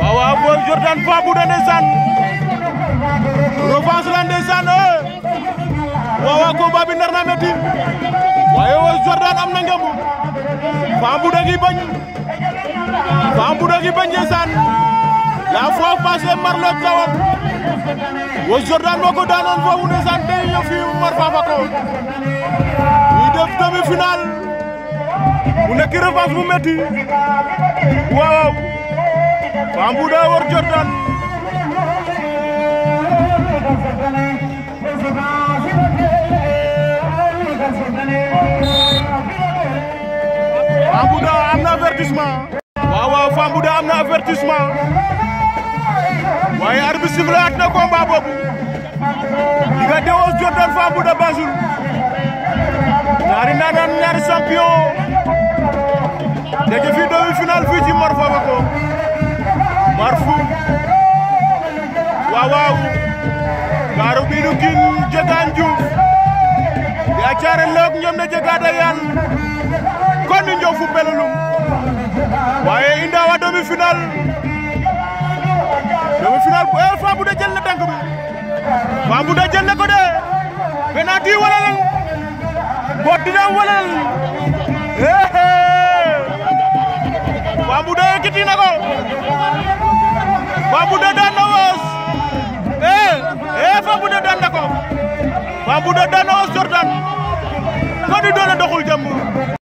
waaw waaw Boy Jordan Fabouda ndeysaan revanche la ndeysaan eh waaw waaw combat bi nar na metti waaye Boy Jordan am na ngëm Fabouda bañ Fabouda gi bañ ndeysaan la fois passée mar la tawat Boy Jordan moo ko daanoon foofu ndeysaan day ñëw fii mu mar Fafa ko ñuy def demi-finale mu nekk revanche bu metti waaw Bambou daa war Jordan Bambou daa am na avertissement waaw waaw Bambou daa am na avertissement waaye arbitre bi sifflé at na combat boobu diggante Weuz Jordan Bambou daa Banjul ñaari naanaan ñaari champion marfu waaw waaw gaaru biinu kin jegaan juuf di acaare loog ñoom na jegaada yaan kon ni njow fu pelulum waaye i ndaawa demi final demi final bu ee Fambouda jël na tànk bi Fambouda jël na ko de penalty wala lan bot dina wala lan bu dee daanoo sortaan fa di doole doxul